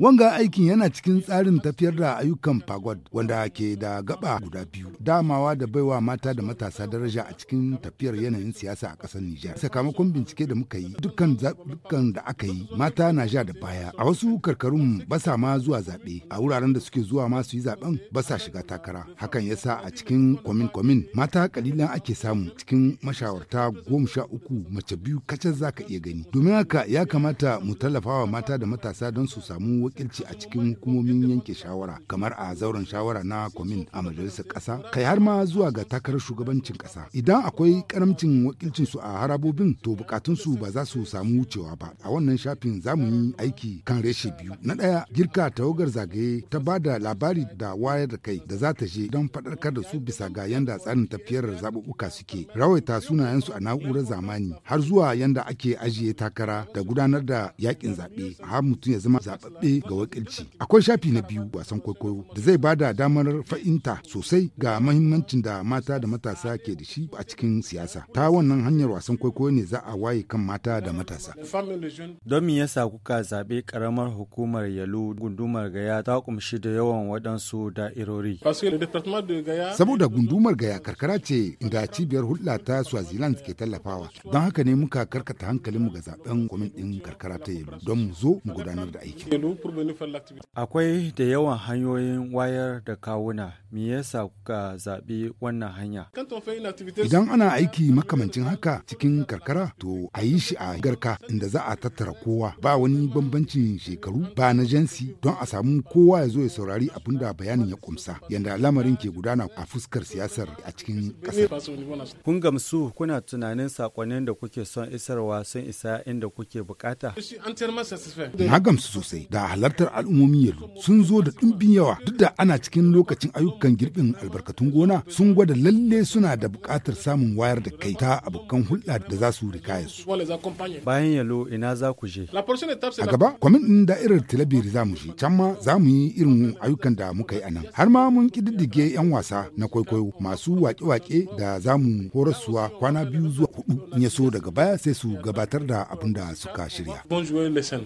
Wanga aikin yana cikin tsarin tafiyar da ayyukan fagod wanda ke da gaba guda biyu damawa da baiwa mata da matasa daraja a cikin tafiyar yanayin siyasa a ƙasar Nijar. Sakamakon bincike da muka yi dukkan dukkan da aka yi mata na ja da baya a wasu karkarun basa ma zuwa zaɓe a wuraren da suke zuwa ma su yi zaɓen basa shiga takara hakan yasa a cikin kwamin kwamin mata kalilan ake samu cikin mashawarta goma sha uku mace biyu kacal za ka iya gani domin haka ya kamata mu tallafawa wa mata da matasa don su samu wakilci a cikin hukumomin yanke shawara kamar a zauren shawara na kwamin a majalisar kasa kai har ma zuwa ga takarar shugabancin ƙasa idan akwai karamcin wakilcin su a harabobin to bukatun su ba za su samu wucewa ba a wannan shafin za mu yi aiki kan reshe biyu na ɗaya girka tawagar zagaye ta ba da labari da wayar da kai da za ta je don faɗarkar da su bisa ga yanda tsarin tafiyar zaɓuɓɓuka suke rawaita sunayensu a na'urar zamani har zuwa yanda ake ajiye takara da gudanar da yakin zaɓe zaɓe har mutum ya zama zaɓaɓɓe ga wakilci akwai shafi na biyu wasan kwaikwayo da zai ba da damar fahimta sosai ga mahimmancin da mata da matasa ke da shi a cikin siyasa ta wannan hanyar wasan kwaikwayo ne za a waye kan mata da matasa don me yasa kuka zaɓe karamar hukumar yalo gundumar gaya ta kumshi da yawan waɗansu da'irori saboda gundumar gaya karkara ce inda cibiyar hulɗa ta swaziland ke tallafawa don haka ne muka karkata hankalinmu ga zaɓen kwamin ɗin karkara ta yalo don mu zo mu gudanar da aiki. Akwai da yawan hanyoyin wayar da kawuna me yasa kuka zaɓi wannan hanya? Idan ana aiki makamancin haka cikin karkara to a yi shi a garka inda za a tattara kowa ba wani bambancin shekaru ba na jansi don a samu kowa ya zo ya saurari abin da bayanin ya kumsa yadda lamarin ke gudana a fuskar siyasar a cikin ƙasar. Kun gamsu kuna tunanin sakonnin da kuke son isarwa sun isa inda kuke bukata? Na gamsu sosai da halartar al'ummomi yalu sun zo da ɗumbin yawa duk da ana cikin lokacin ayyuka ayyukan girbin albarkatun gona sun gwada lalle suna da buƙatar samun wayar da kai ta abokan hulɗa da za su rikaya su. Bayan yalo ina za ku je? A gaba kwamin ɗin da'irar talabiri za mu je, can ma za mu yi irin ayyukan da muka yi a nan. Har ma mun ƙididdige 'yan wasa na kwaikwayo masu waƙe-waƙe da za mu horaswa kwana biyu zuwa hudu in ya so daga baya sai su gabatar da abin da suka shirya.